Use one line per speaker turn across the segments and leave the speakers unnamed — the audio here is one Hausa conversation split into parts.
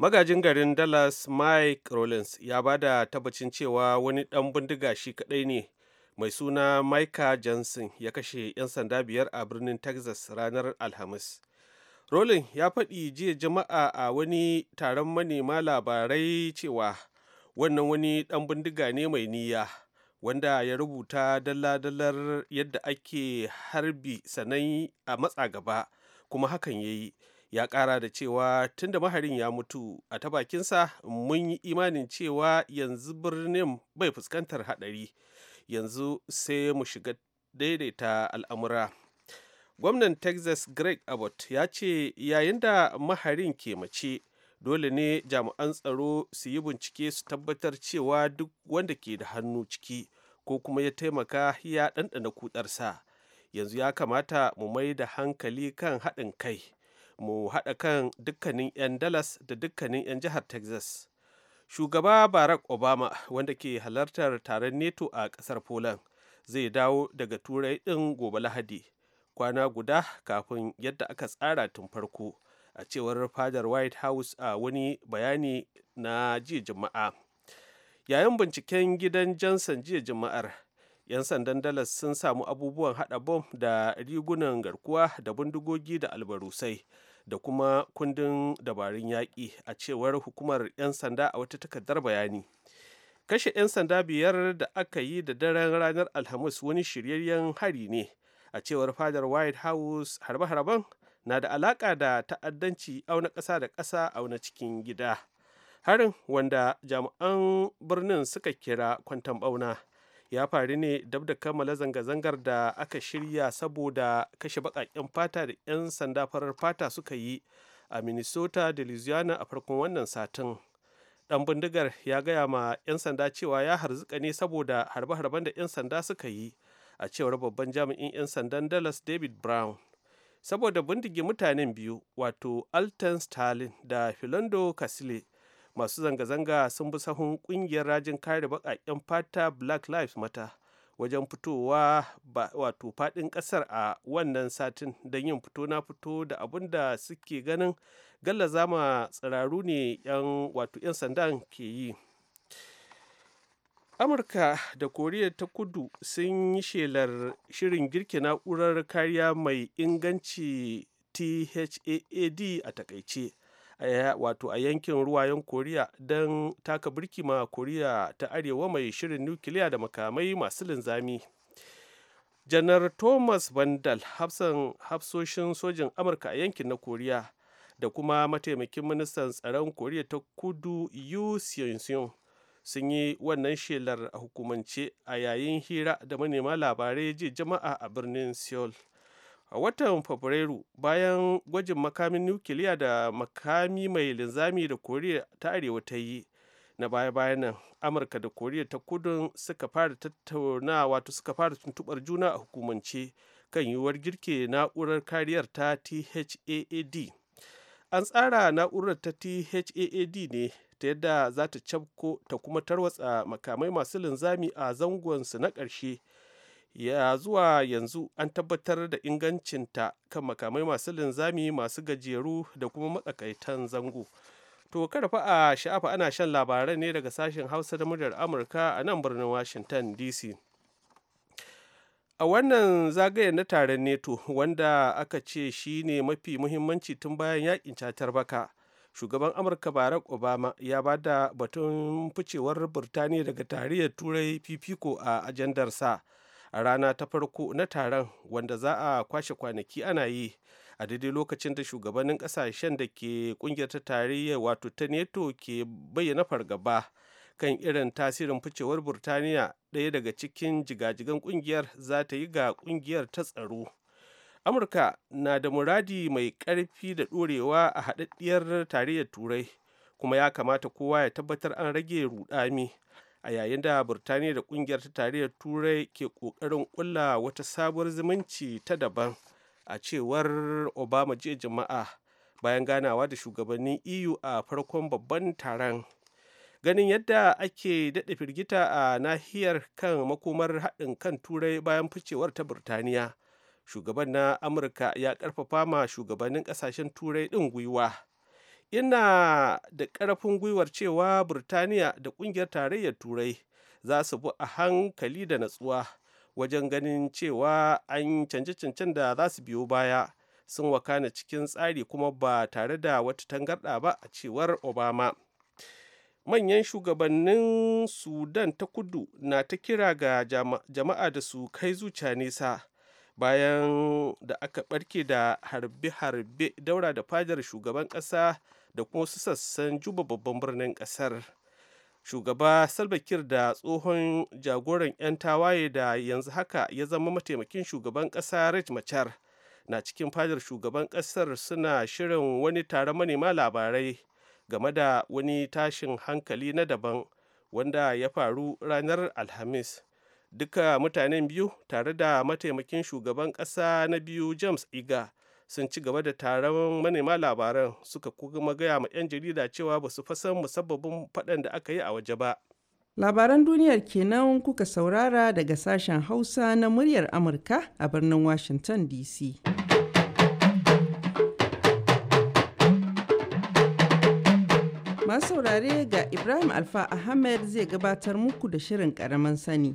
magajin garin dallas mike rollins ya ba da tabbacin cewa wani dan bindiga shi kadai ne mai suna micah johnson ya kashe 'yan sanda biyar a birnin texas ranar alhamis rollins ya faɗi jiya jama'a a wani taron manema labarai cewa wannan wani dan bindiga ne mai niyya wanda ya rubuta dalla-dallar yadda ake harbi sannan a matsa gaba kuma hakan ya yi ya kara da cewa tunda maharin ya mutu a ta bakinsa mun yi imanin cewa yanzu birnin bai fuskantar hadari yanzu sai mu shiga daidaita al'amura gwamnan texas greg abbott ya ce yayin da maharin ke mace dole ne jami'an tsaro su yi bincike su tabbatar cewa duk wanda ke da hannu ciki ko kuma ya taimaka ya ɗanɗana kudarsa yanzu ya kamata mu mai da hankali kan haɗin kai mu haɗa kan dukkanin 'yan dalas da dukkanin 'yan jihar texas shugaba barack obama wanda ke halartar taron neto a ƙasar poland zai dawo daga turai ɗin gobe lahadi kwana guda kafin yadda aka tsara tun farko a cewar fadar white house a wani bayani na jiya juma'a yayin binciken gidan jansan jiya juma'ar 'yan sandan dalas sun samu abubuwan haɗa bom da rigunan garkuwa da bindigogi da albarusai da kuma kundin dabarun yaƙi a cewar hukumar 'yan sanda a wata takardar bayani kashe 'yan sanda biyar da aka yi da daren ranar alhamis wani shiryayyen hari ne a cewar fadar white house harbe-harben na da alaƙa da ta'addanci auna ƙasa da ƙasa auna cikin gida harin wanda jami'an birnin suka kira kwantan ɓauna ya faru ne dab da kammala zanga-zangar da aka shirya saboda kashe baƙaƙen fata da 'yan sanda farar fata suka yi a minnesota da louisiana a farkon wannan satin dan bindigar ya gaya ma 'yan sanda cewa ya harzuka ne saboda harbe-harben da 'yan sanda suka yi a cewar babban jami'in 'yan sandan dallas david brown saboda bindige mutanen biyu wato alton stalin da philando kasile masu zanga-zanga sun bi sahun kungiyar rajin kare baƙaƙen fata black lives mata wajen fitowa wato faɗin ƙasar a wannan satin don yin fito na fito da abin da suke ganin galla zama tsiraru ne 'yan wato 'yan sandan ke yi amurka da koriya ta kudu sun yi shelar shirin girke na'urar kariya mai inganci thaad a takaice wato a yankin ruwayen koriya don taka birki ma koriya ta arewa mai shirin nukiliya da makamai masu linzami janar thomas vandal hafsan hafsoshin sojin amurka a yankin na koriya da kuma mataimakin ministan tsaron koriya ta kudu yu sun yi wannan shelar hukumance a yayin hira da manema labarai jiya jama'a a birnin seoul a watan fabrairu bayan gwajin makamin nukiliya da makami mai linzami da koriya ta arewa ta yi na baya-bayan nan amurka da koriya ta kudun suka fara tattaunawa wato suka fara tuntubar juna a hukumance kan yiwuwar girke na'urar kariyar ta thaad an tsara na'urar ta thaad ne ta yadda za ta cabko ta kuma tarwatsa makamai masu linzami a zangonsu na ƙarshe ya zuwa yanzu an tabbatar da ingancinta kan makamai masu linzami masu gajeru da kuma matsakaitan zango to karfa a sha'afa ana shan labaran ne daga sashen hausa da muryar amurka a nan birnin washington dc a wannan zagayen na taron neto wanda aka ce shi ne mafi muhimmanci tun bayan yakin catar baka shugaban amurka barack obama ya ba da batun ficewar birtaniya daga tarayyar turai fifiko a ajandarsa. sa a rana ta farko na taron wanda za a kwashe kwanaki ana yi a daidai lokacin da shugabannin kasashen da ke kungiyar ta tarayya wato ta neto ke bayyana fargaba kan irin tasirin ficewar burtaniya ɗaya daga cikin jigajigan kungiyar za ta yi ga kungiyar ta tsaro amurka na da muradi mai ƙarfi da ɗorewa a haɗaɗɗiyar tarayyar turai kuma ya kamata kowa ya tabbatar an rage rudami a yayin da burtaniya da kungiyar ta tarayyar turai ke kokarin kulla wata sabuwar zumunci ta daban a cewar obama jiya jama'a bayan ganawa da shugabannin eu a farkon babban taron ganin yadda ake daɗe firgita a nahiyar kan makomar haɗin kan turai bayan ficewar ta burtaniya shugaban na amurka ya ƙarfafa ma shugabannin ƙasashen turai ɗin gwiwa ina da ƙarfin gwiwar cewa burtaniya da ƙungiyar tarayyar turai za su bi a hankali da natsuwa wajen ganin cewa an canje cancan da za su biyo baya sun wakana cikin tsari kuma ba tare da wata tangarɗa ba a cewar obama manyan shugabannin sudan ta kudu na ta kira ga jama'a da su kai zuciya nesa bayan da aka barke da harbe-harbe daura da fadar shugaban ƙasa da kuma su sassan juba babban birnin ƙasar shugaba salbakir da tsohon jagoran 'yan tawaye da yanzu haka ya zama mataimakin shugaban ƙasa rich machar na cikin fadar shugaban ƙasar suna shirin wani taron manema labarai game da wani tashin hankali na daban wanda ya faru ranar alhamis duka mutanen biyu tare da mataimakin shugaban ƙasa na biyu james iga sun ci gaba da taron manema labaran suka kuma gaya ma 'yan jarida cewa ba su fasan musabbabin faɗan da aka yi a waje ba.
Labaran duniyar kenan kuka saurara daga sashen Hausa na muryar Amurka a birnin Washington DC. Masu saurare ga Ibrahim Alfa Ahmed zai gabatar muku da shirin ƙaramin sani.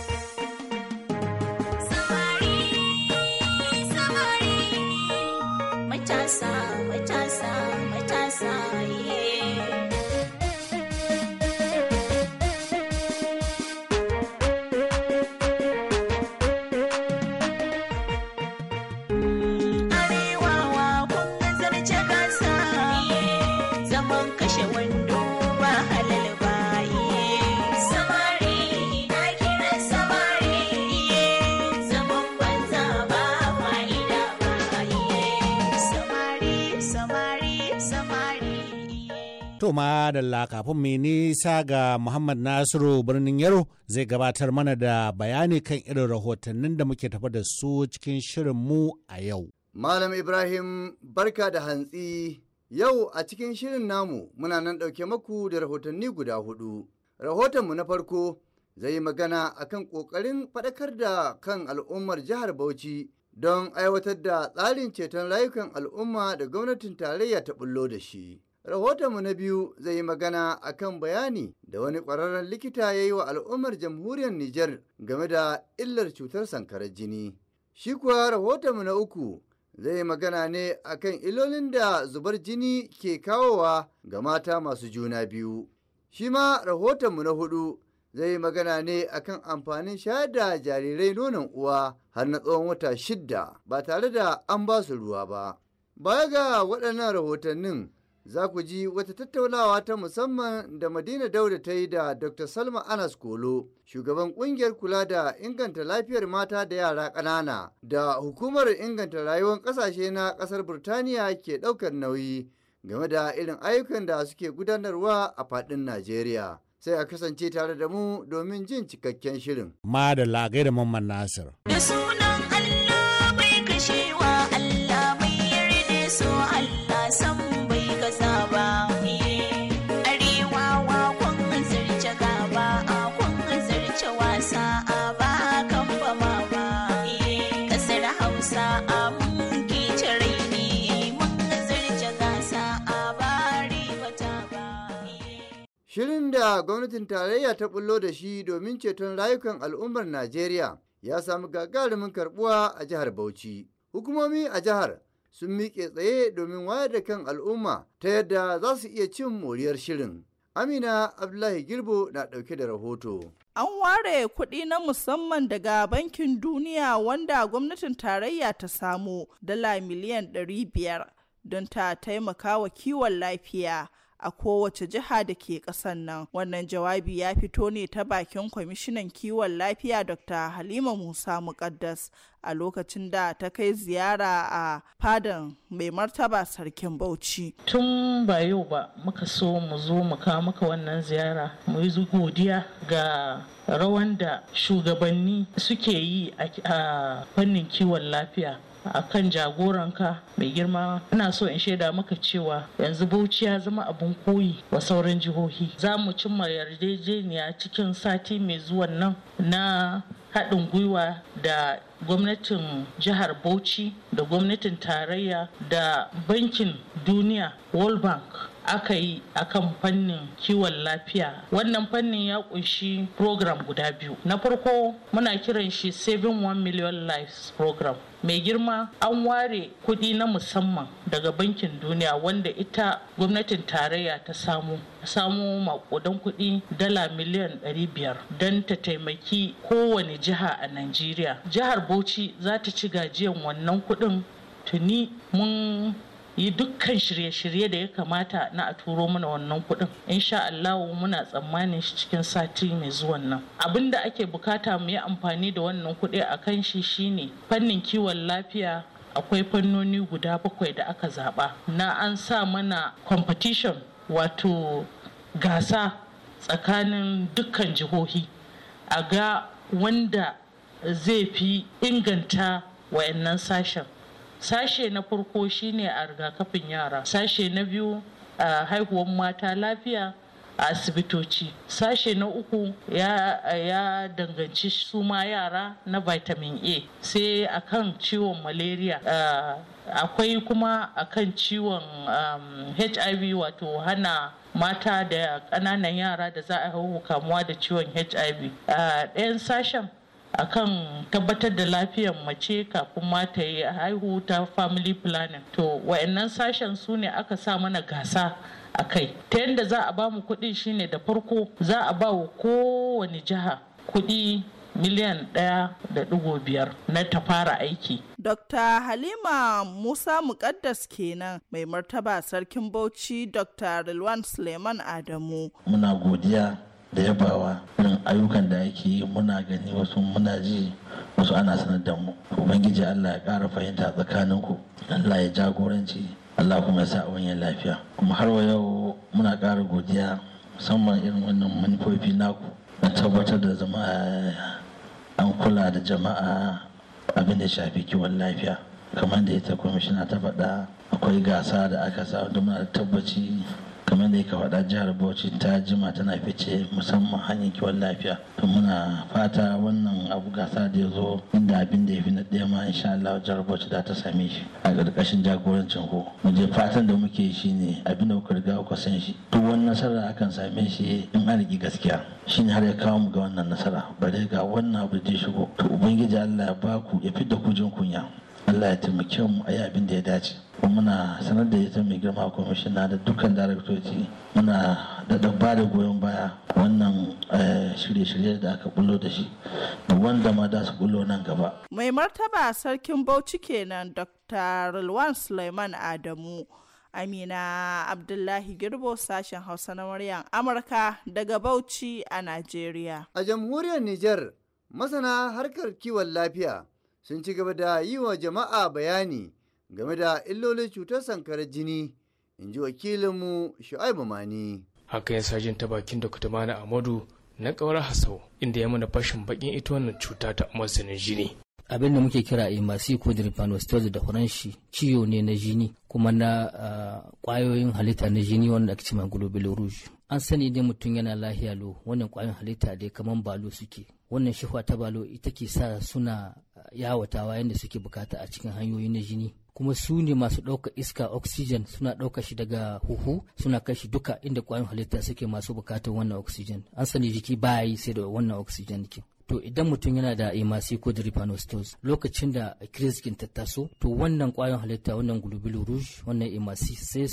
ma da kafin mai nisa ga Muhammad Nasiru birnin Yaro zai gabatar mana da bayani kan irin rahotannin da muke tafa da su cikin shirin mu a yau.
Malam Ibrahim barka da hantsi yau a cikin shirin namu muna nan ɗauke maku da rahotanni guda hudu. Rahotonmu na farko zai yi magana kan ƙoƙarin faɗakar da kan al'ummar jihar Bauchi don aiwatar da tsarin ceton layukan al'umma da gwamnatin tarayya ta bullo da shi. Rahotonmu na biyu zai yi magana a kan bayani da wani ƙwararren likita ya yi wa al'ummar jamhuriyar Nijar game da illar cutar sankarar jini. Shi kuwa rahotonmu na uku zai yi magana ne a kan ilolin da zubar jini ke kawowa ga mata masu juna biyu. Shi ma rahotonmu na hudu zai yi magana ne akan amfanin shayar da jarirai nonon uwa har na tsawon wata shidda ba tare da an ba su ruwa ba. Baya ga waɗannan rahotannin za ku ji wata tattaunawa ta musamman da Madina Dauda ta yi da Dr. Salma Anas Kolo, shugaban kungiyar kula da inganta lafiyar mata da yara ƙanana da hukumar inganta rayuwar ƙasashe na ƙasar Burtaniya ke ɗaukar nauyi game da irin ayyukan da suke gudanarwa a faɗin Najeriya. Sai a kasance tare da mu domin jin cikakken shirin.
Ma da lagai da Mamman Nasir.
Shirin da gwamnatin tarayya ta bullo da shi domin ceton rayukan al'ummar Najeriya ya samu gagarumin karbuwa a jihar Bauchi. Hukumomi a jihar sun miƙe tsaye domin wayar da kan al'umma ta yadda za su iya cin moriyar shirin. Amina Abdullahi Girbo na ɗauke da rahoto.
An ware kuɗi na musamman daga Bankin Duniya wanda gwamnatin tarayya ta samu dala miliyan 500 don ta taimaka wa kiwon lafiya. a kowace jiha da ke ƙasar nan. Wannan jawabi ya fito ne ta bakin kwamishinan kiwon lafiya Dr. Halima Musa Muƙaddas a lokacin da ta kai ziyara a fadan
mai martaba sarkin Bauchi. Tun ba yau ba muka so mu zo mu kawo maka wannan ziyara mu yi godiya ga rawan da shugabanni suke yi a fannin kiwon lafiya a kan jagoranka mai girma ina so in shaida maka cewa yanzu bauchi ya zama abin koyi wa sauran jihohi za mu cimma yarjejeniya cikin sati mai zuwa nan na haɗin gwiwa da gwamnatin jihar bauchi da gwamnatin tarayya da bankin duniya world bank aka yi akan fannin kiwon lafiya wannan fannin ya kunshi program guda biyu na farko muna kiran shi saving one million lives program mai girma an ware kudi na musamman daga bankin duniya wanda ita gwamnatin tarayya ta samu samu makudan kudi dala miliyan 500 don ta taimaki kowane jiha a najeriya jihar bauchi za ta ci gajiyan wannan kudin tuni mun yi dukkan shirye-shirye da ya kamata na a turo mana wannan kuɗin insha Allah muna tsammanin shi cikin sati mai zuwan nan abin da ake bukata mu yi amfani da wannan kuɗi a kan shi shine fannin kiwon lafiya akwai fannoni guda bakwai da aka zaɓa. na an sa mana competition wato gasa tsakanin dukkan jihohi a ga wanda zai fi inganta wayannan sashen sashe na farko shine a rigakafin yara sashe na biyu a haihuwar mata lafiya a asibitoci sashe na uku ya, ya danganci su ma yara na vitamin a sai akan ciwon malaria akwai kuma akan ciwon um, hiv wato hana mata da ƙananan yara da za a hau kamuwa da ciwon hiv ɗayan sashen akan tabbatar da lafiyar mace kafin mata ta yi haihu ta family planning to wa'annan sashen su ne aka sa mana gasa a kai ta yadda za a ba mu kuɗi shine da farko za a ba wa kowane jiha kuɗi miliyan ɗaya da ɗigo biyar na ta fara aiki. Dr.
Halima Musa Muƙaddas kenan mai martaba sarkin Bauchi Dr. Rilwan Suleiman Adamu.
Muna godiya da yabawa irin ayyukan da ake yi muna gani wasu muna ji wasu ana sanar da mu ubangiji allah ya kara fahimta tsakaninku allah ya jagoranci allah kuma ya sa wani lafiya kuma har wa yau muna kara godiya musamman irin wannan manufofi naku na tabbatar da zama an kula da jama'a abin da shafi kiwon lafiya kamar da ita kwamishina ta faɗa akwai gasa da aka sa da muna tabbaci kamar da yake faɗa jihar bauchi ta jima tana fice musamman hanyar kiwon lafiya to muna fata wannan abu gasa da ya zo inda abin da ya fi na ɗaya ma insha Allah jihar bauchi za ta same shi a ƙarƙashin jagorancin ku mu je fatan da muke shi ne abin da kuka riga kuka san shi to wannan nasara akan same shi in an rigi gaskiya shi har ya kawo mu ga wannan nasara bare ga wannan abu da ya shigo to ubangiji Allah ya ba ku ya fidda ku jin kunya Allah ya taimake mu a yi abin da ya dace muna sanar da ita mai girma kwamishina da dukkan daraktoci muna da ba da goyon baya wannan eh, shirye-shirye da aka bullo da shi da wanda ma da su bullo nan gaba
mai martaba sarkin bauchi kenan dr rilwan suleiman adamu amina abdullahi girbo sashen hausa na muryan amurka daga bauchi a najeriya
a jamhuriyar Nijar, masana harkar kiwon lafiya sun ci gaba da yi wa jama'a bayani game da illolin cutar sankarar jini in ji wakilinmu shu'aibu mani
haka ya sajin ta bakin da kuta mana amadu na kawar hasau inda ya mana fashin bakin ita wannan cuta ta masanin jini
abin da muke kira masu ko drepanocytosis da faranshi ciwo ne na jini kuma na kwayoyin halitta na jini wanda ake cewa globule rouge an sani idan mutum yana lahiya lo wannan kwayoyin halitta dai kamar balo suke wannan shifa ta balo ita ke sa suna yawatawa yadda suke bukata a cikin hanyoyi na jini kuma su ne masu ɗauka iska oxygen suna ɗauka shi daga huhu suna kai shi duka inda ƙwayoyin halitta suke masu bukatar wannan oxygen an sani jiki baya yi sai da wannan oxygen ke to idan mutum yana da emasi ko da drepanocytosis lokacin da kiriskin ta taso to wannan ƙwayoyin halitta wannan globule rouge wannan emasi sai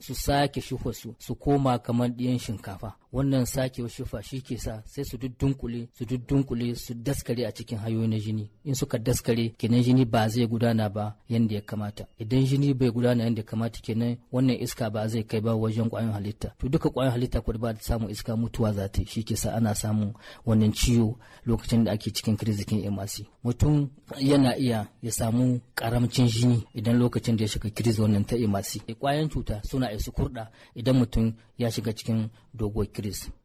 su sake shi su koma kamar ɗiyan shinkafa wannan sake shufa shi ke sa sai su duddunkule su duddunkule su daskare a cikin hayoyin na jini in suka daskare kenan jini ba zai gudana ba yadda ya kamata idan jini bai gudana yadda ya kamata kenan wannan iska ba zai kai ba wajen kwayoyin halitta to duka kwayoyin halitta ko ba samun iska mutuwa za ta shi ke sa ana samun wannan ciwo lokacin da ake cikin kirzikin emasi mutum yana iya ya samu karamcin jini idan lokacin da ya shiga kirzi wannan ta emasi kwayan cuta suna isu kurda idan mutum ya shiga cikin doguwar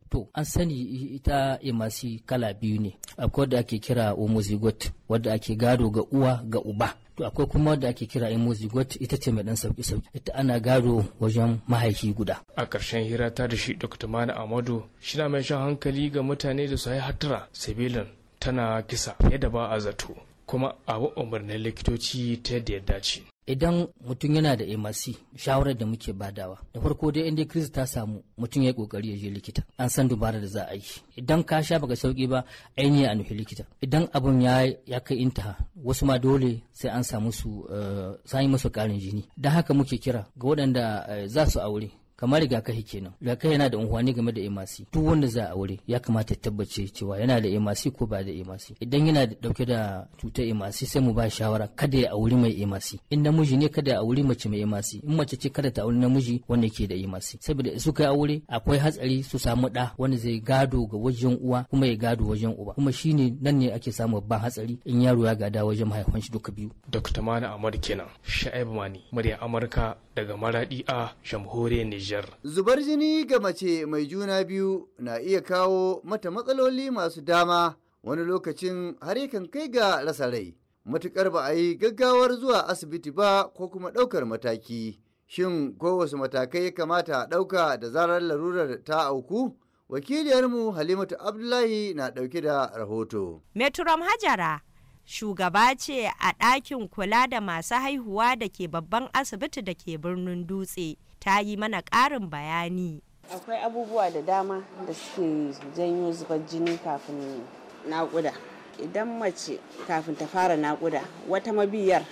to an sani ita emasi kala biyu ne akwai wadda ake kira omozigot wadda ake gado ga uwa ga uba to akwai kuma wadda ake kira omozigot ita ce mai ɗan sauki sauki ita ana gado wajen mahaifi guda
a ƙarshen hira ta da shi dr mana amadu shina mai shan hankali ga mutane da su hatara, sibilin tana kisa yadda ba a zato kuma a umarnin likitoci ta yadda ya dace
idan mutum yana da MRC shawarar da muke badawa da farko dai inda krisis ta samu mutum ya kokari ya je likita an san dubara da za a yi idan ka sha baka sauki ba ainihi a nufi likita idan abun ya kai intaha wasu ma dole sai an samu su eh, sai musu karin jini dan haka muke kira ga waɗanda eh, za su aure kamar rigakafi kenan rigakafi yana da unhwani game da emasi duk wanda za a aure ya kamata ya tabbace cewa yana da emasi ko ba da emasi idan yana da dauke da cutar emasi sai mu ba shawara kada ya auri mai emasi in namiji ne kada ya auri mace mai emasi in mace ce kada ta auri namiji wanda yake da emasi saboda su kai aure akwai hatsari su samu da wanda zai gado ga wajen uwa kuma ya gado wajen uba kuma shine nan ne ake samu babban hatsari in yaro ya gada wajen mahaifan shi duka biyu
dr mana amar kenan sha'ib mani murya amurka daga maradi a jamhuriyar niger
Niger. Zubar jini ga mace mai juna biyu na iya kawo mata matsaloli masu dama wani lokacin har yakan kai ga rasa rai. matuƙar ba a yi gaggawar zuwa asibiti ba ko kuma ɗaukar mataki. Shin ko wasu matakai ya kamata a ɗauka da zarar larurar ta auku? Wakiliyarmu Halimatu Abdullahi na ɗauke da rahoto.
Meturam Hajara shugaba ce a ɗakin kula da masu haihuwa da ke babban asibiti da ke birnin dutse. ta yi mana ƙarin bayani.
Akwai abubuwa da dama da suke janyo zubar jini kafin naƙuda. Idan mace kafin ta fara naƙuda wata mabiyar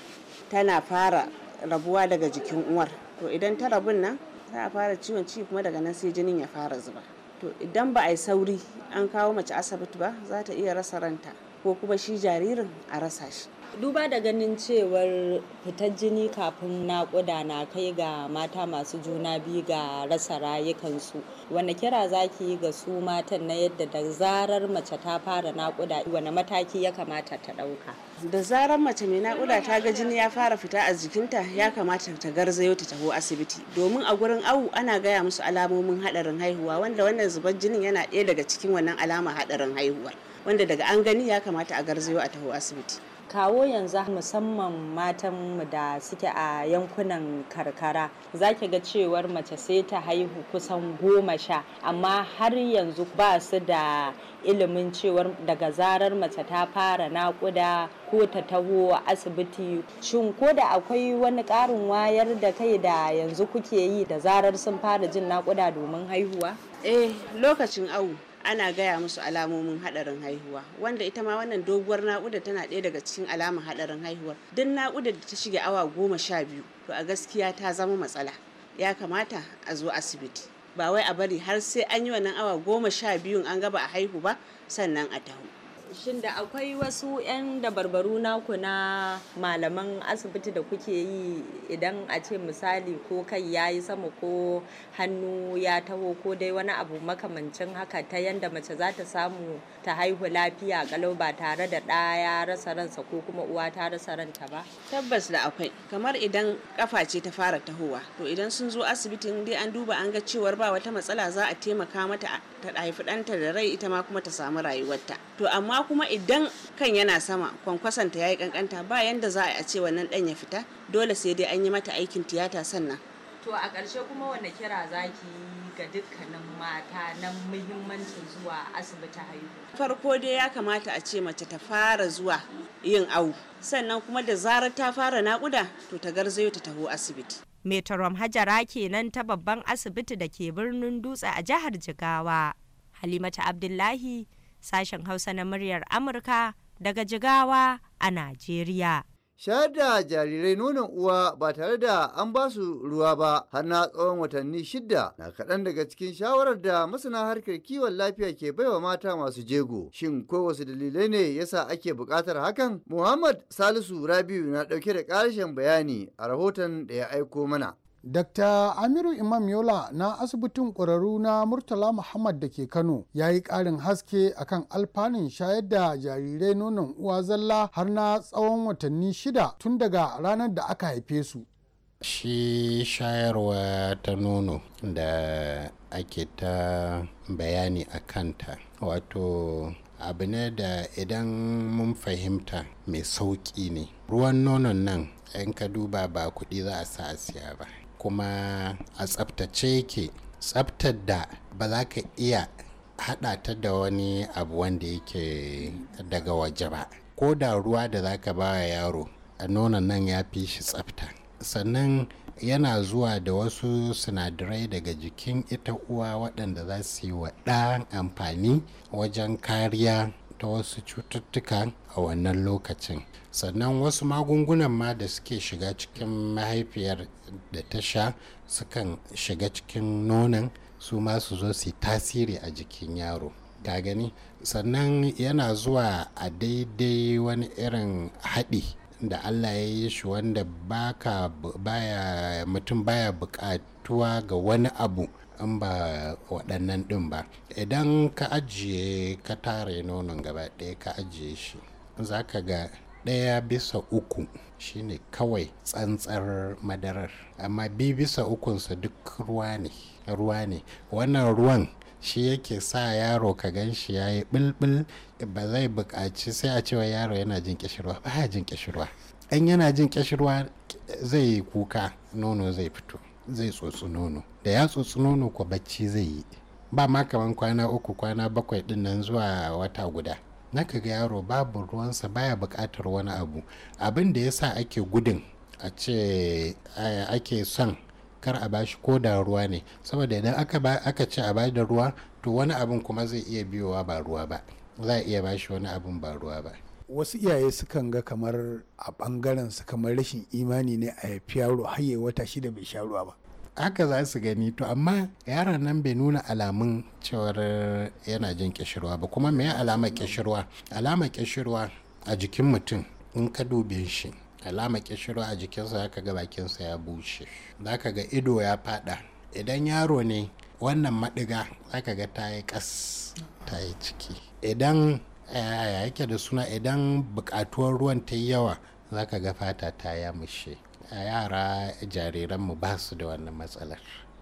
tana fara rabuwa daga jikin uwar. To idan ta rabun nan za a fara ciwon ci kuma daga nan sai jinin ya fara zuba. To idan ba a yi sauri an kawo mace asibiti
ba za ta iya rasa ranta. ko kuma shi jaririn a rasa shi duba da ganin cewar fitar jini kafin naƙuda na kai ga mata masu juna biyu ga rasa rayukansu wane kira za ki yi ga su matan na yadda da zarar mace ta fara naƙuda wani mataki ya kamata ta ɗauka
da zarar mace mai naƙuda ta ga jini ya fara fita a jikinta ya kamata ta garzayo ta taho asibiti domin a gurin awu ana gaya musu alamomin haɗarin haihuwa wanda wannan zubar jinin yana ɗaya daga cikin wannan alama haɗarin
haihuwar. wanda daga an gani ya kamata a garzayo a taho asibiti kawo yanzu musamman matanmu da suke a yankunan karkara za ki ga cewar mace sai ta haihu kusan goma sha amma har yanzu ba su da ilimin cewar daga zarar mace ta fara nakuda ko ta taho asibiti shin ko da akwai wani ƙarin wayar da kai da yanzu kuke yi da zarar sun fara jin nakuda domin haihuwa eh lokacin awu ana gaya musu alamomin
haɗarin haihuwa wanda ita ma wannan doguwar naƙuda tana ɗaya daga cikin alamar haɗarin haihuwa duk naƙuda da ta shige awa goma sha biyu to a gaskiya ta zama matsala ya kamata a zo asibiti ba wai a bari har sai an yi wannan awa goma sha biyun an gaba a haihu ba sannan a taho
Shin da akwai wasu 'yan dabarbaru naku na malaman asibiti da kuke yi idan a ce misali ko kai ya yi sama ko hannu ya taho ko dai wani abu makamancin haka ta yanda mace za ta samu ta haihu lafiya kalau ba tare da ɗa rasa ransa ko kuma uwa ta rasa ranta ba? Tabbas da akwai kamar idan kafa ce ta fara tahowa to idan sun zo asibitin dai an duba
an ga cewar ba wata matsala za a taimaka mata ta haifi ɗanta da rai ita ma kuma ta samu rayuwarta. To amma amma kuma idan kan yana sama kwankwasanta ya yi kankanta ba yanda za a a ce wannan dan ya fita dole sai dai an yi mata aikin tiyata sannan
to a ƙarshe kuma wanda kira zaki ga dukkanin mata na muhimmancin zuwa asibiti haihu
farko dai ya kamata a ce mace ta fara zuwa yin awu sannan kuma da zarar ta
fara nakuda to ta garzayo ta taho asibiti metrom Hajara kenan ta babban asibiti da ke birnin Dutse a jihar Jigawa. Halimata Abdullahi sashen Hausa na muryar Amurka daga Jigawa a Najeriya.
Shayar da jarirai nonon uwa ba tare da an ba su ruwa ba har na tsawon watanni shida na kaɗan daga cikin shawarar da masana harkar kiwon lafiya ke baiwa mata masu jego. Shin ko wasu dalilai ne yasa ake buƙatar hakan? Muhammad Salisu Rabiu na ɗauke da ƙarshen bayani a rahoton da ya aiko mana.
Dr. Amiru Imam Yola na asibitin ƙwararru na Murtala Muhammad da ke Kano ya yi ƙarin haske akan alfanun shayar da jarirai nonon uwa zalla har na tsawon watanni shida tun daga ranar da aka haife su. Shi shayarwa ta nono da ake ta bayani a kanta wato abu ne da idan mun fahimta mai sauƙi ne ruwan nonon nan in ka duba ba kuɗi za a sa siya ba kuma a tsaftace yake tsaftar da ba za ka iya haɗa ta da wani abu wanda yake daga waje ba ko da ruwa da za ka ba yaro a nonon nan ya fi shi tsafta sannan yana zuwa da wasu sinadarai daga jikin ita uwa waɗanda za su yi wa ɗan amfani wajen kariya ta wasu cututtuka a wannan lokacin sannan wasu magungunan ma da suke shiga cikin mahaifiyar da ta sha sukan shiga cikin nonon su ma su zo su tasiri a jikin yaro ta gani sannan yana zuwa a daidai wani irin haɗi da Allah ya yi shi wanda baka mutum baya bukatuwa ga wani abu in ba waɗannan ɗin ba idan ka ajiye ka tare nonon gaba ɗaya ka ajiye shi za ka ga ɗaya bisa uku shine kawai tsantsar madarar amma bi bisa ukunsa duk ruwa ruwa ne wannan ruwan shi yake sa yaro ka gan shi ya yi ɓulɓul ba zai buƙaci sai a cewa yaro yana jin ƙishirwa ba ya jin ƙishirwa in yana jin ƙishirwa zai yi kuka nono zai fito zai tsotsi nono da ya tsotsi nono ko bacci zai yi ba ma kamar kwana uku kwana bakwai ɗinnan nan zuwa wata guda naka ga yaro babu ruwansa baya buƙatar wani abu abin da ya sa ake gudun a ce ake son kar a bashi ko da ruwa ne saboda idan aka ci a bada ruwa to wani abin kuma zai iya biyowa ba ruwa ba za a iya bashi wani abin ba ruwa ba wasu iyaye sukan ga kamar a bangaren su kamar rashin imani ne a haifi yaro har ya wata shida bai sha ruwa ba haka za su gani to amma yaron nan bai nuna alamun cewar yana jin kishirwa ba kuma me alamar kishirwa alamar kishirwa a jikin mutum in ka dube shi alama kishiro a jikinsa ya ga bakinsa ya bushe zaka ga ido ya fada idan yaro ne wannan madiga ka ga ta yi kas ta yi ciki idan eh, ya yake da suna idan bukatuwar ruwan ta yi yawa zaka ga fata ta yamushe a yara jariranmu ba su da wannan matsalar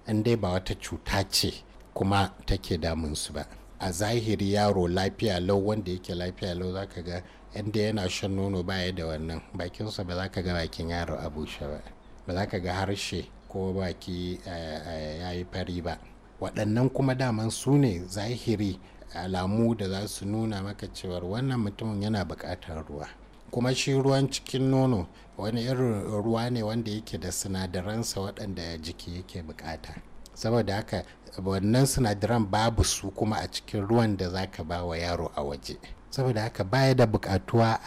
in dai ba wata cuta ce kuma take damunsu ba a zahiri yaro lafiya lau wanda yake lafiya lau zaka ga inda yana shan nono baya da wannan bakinsa ba za ka ga bakin yaro a bushe ba ba za ka ga harshe ko baki eh, eh, ya yi fari ba waɗannan kuma daman su ne zahiri alamu da za su nuna maka cewar wannan mutumin yana buƙatar ruwa kuma shi ruwan cikin nono wani irin ruwa ne wanda yake da sinadaransa waɗanda jiki yake buƙata saboda haka wannan sinadaran babu su kuma a cikin ruwan da za ka ba wa yaro a waje saboda haka baya da bukatuwa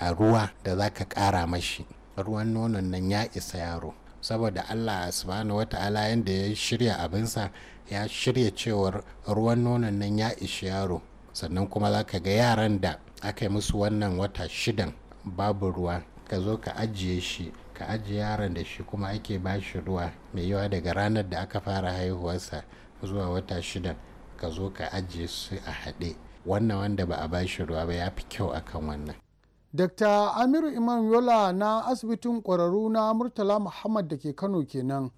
a ruwa da za ka kara mashi ruwan nonon nan ya isa yaro saboda allah subhanahu wata ta'ala yadda ya shirya abinsa ya shirya cewar ruwan nonon nan ya ishi yaro sannan kuma za ka ga yaran da aka yi musu wannan wata shidan babu ruwa ka zo ka ajiye shi ka ajiye yaran da shi kuma ake ba shi ruwa mai yawa daga ranar da aka fara haihuwarsa zuwa wata shidan ka zo ka ajiye su a haɗe wannan wanda ba a ba shi ruwa ba ya fi kyau akan wannan Dr. Amiru Imam Yola na asibitin ƙwararru na Murtala Muhammad da ke Kano kenan.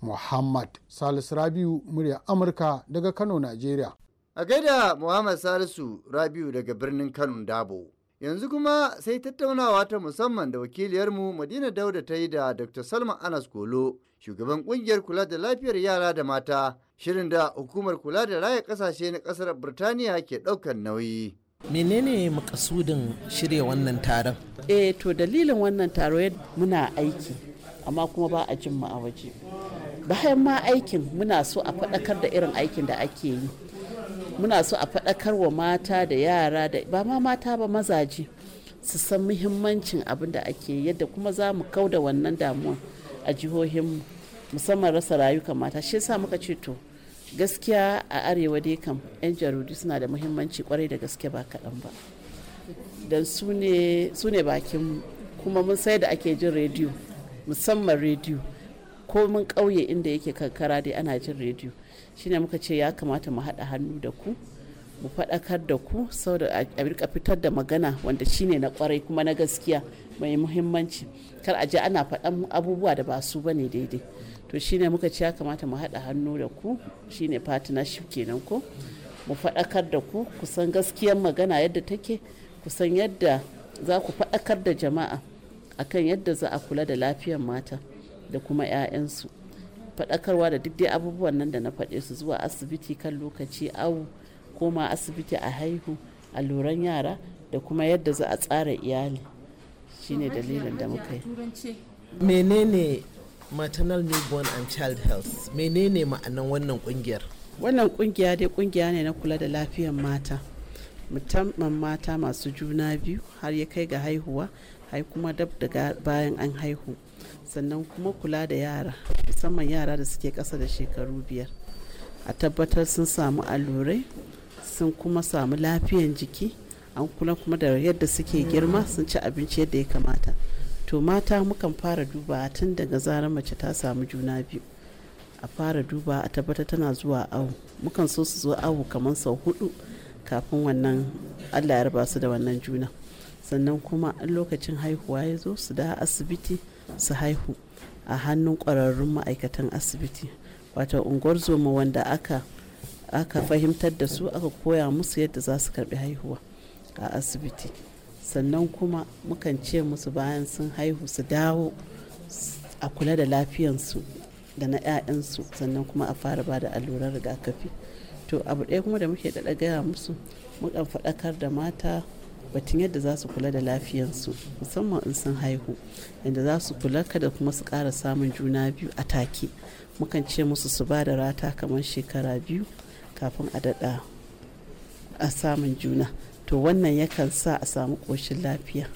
Muhammad Salisu Rabiu murya Amurka daga Kano, Najeriya.
A gaida Muhammad Salisu Rabiu daga birnin Kano Dabo. Yanzu kuma sai tattaunawa ta musamman da wakiliyarmu Madina Dauda ta yi da Dr. salma Anas Golo, shugaban ƙungiyar kula da lafiyar yara da mata shirin da hukumar kula da raya kasashe na kasar birtaniya ke ɗaukar nauyi
menene makasudin shirya wannan taron
eh to dalilin wannan taro
muna aiki amma kuma ba a jin a waje bayan ma aikin muna so a faɗakar da irin aikin da ake yi muna so a faɗakar wa mata da yara da ba ma mata ba mazaje su san muhimmancin abin da ake yadda kuma za mu kau da wannan damuwa a jihohinmu musamman rasa rayuka mata shi sa muka ce to gaskiya a arewa dai kam 'yan jaridu suna da muhimmanci kwarai da gaske ba kaɗan ba don su ne bakin kuma mun sai da ake jin rediyo musamman rediyo ko mun ƙauye inda yake kankara dai ana jin rediyo shine muka ce ya kamata mu haɗa hannu da ku mu faɗakar da ku sau da a rika fitar da magana wanda shine na kwarai kuma na gaskiya mai muhimmanci kar a ji ana faɗan abubuwa da ba su bane daidai to shine muka ci ya kamata mu haɗa hannu da ku shine partnership kenan ko mu faɗakar da ku kusan gaskiyar magana yadda take kusan yadda za ku faɗakar da jama'a akan yadda za a kula da lafiyar mata da kuma 'ya'yansu faɗakarwa da duk dai abubuwan nan da na faɗe su zuwa asibiti kan lokaci awu koma asibiti a haihu a alluran yara da kuma yadda za a tsara iyali shine dalilin da muka yi menene maternal newborn and child health menene ma'anan
wannan kungiyar
wannan kungiya dai kungiya ne na kula da lafiyar mata musamman mata masu juna biyu har ya kai ga haihuwa hai kuma dab daga bayan an haihu sannan kuma kula da yara musamman yara da suke ƙasa da shekaru biyar a tabbatar sun samu allurai sun kuma samu lafiyan jiki an kula kuma da yadda suke girma sun ci abinci yadda ya kamata to mata mukan fara duba tun daga zarar mace ta samu juna biyu a fara duba a tabbata tana zuwa awo mukan so su zo awo kamar sau hudu kafin wannan allah ya raba su da wannan juna sannan kuma lokacin haihuwa ya zo su da asibiti su haihu a hannun kwararrun ma'aikatan asibiti wato unguwar zoma wanda aka aka fahimtar da su aka koya musu yadda za su karbi haihuwa a asibiti sannan kuma mukan ce musu bayan sun haihu su dawo a kula da lafiyansu da na 'ya'yansu sannan kuma a fara ba da allurar rigakafi to abu ɗaya kuma da muke ɗaɗa gaya musu mukan faɗakar da mata batun yadda za su kula da lafiyansu musamman in sun haihu yadda za su kula kada kuma su ƙara samun juna biyu a take mukan ce musu su ba da rata kamar shekara biyu kafin a daɗa a samun juna to wannan yakan sa a samu koshin lafiya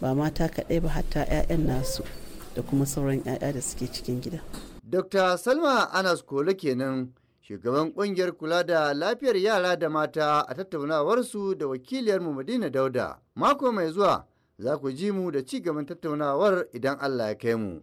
ba mata kaɗai ba hatta 'ya'yan nasu da kuma sauran 'ya'ya da suke cikin gida.
Dr. Salma Anas Kolo kenan shugaban kungiyar kula da lafiyar yara da mata a tattaunawarsu da wakiliyar mu Madina Dauda. Mako mai zuwa za ku ji mu da ci gaban tattaunawar idan Allah ya kai mu.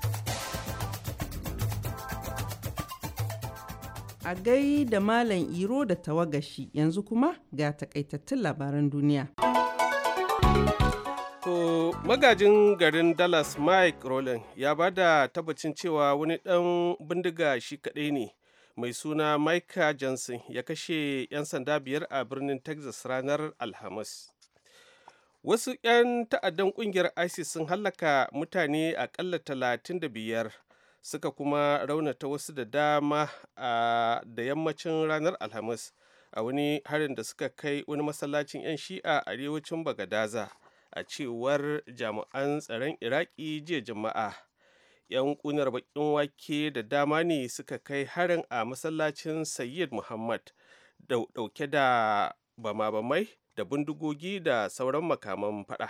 a gai da Malam Iro da tawagashi yanzu kuma ga takaitattun labaran duniya.
To magajin garin Dallas Mike Rowland ya ba da tabbacin cewa wani ɗan bindiga shi kaɗai ne mai suna Micah Johnson ya kashe 'yan sanda biyar a birnin Texas ranar Alhamis. Wasu 'yan ta'addan ƙungiyar ISIS sun hallaka mutane aƙalla biyar. suka kuma raunata wasu da dama da yammacin ranar alhamis a wani harin da suka kai wani masallacin 'yan shi'a a arewacin bagadaza a cewar jami'an tsaron iraki jiya jama'a yan kunar bakin wake da dama ne suka kai harin a masallacin sayyid muhammad dauke da bama-bamai da bindigogi da sauran makaman fada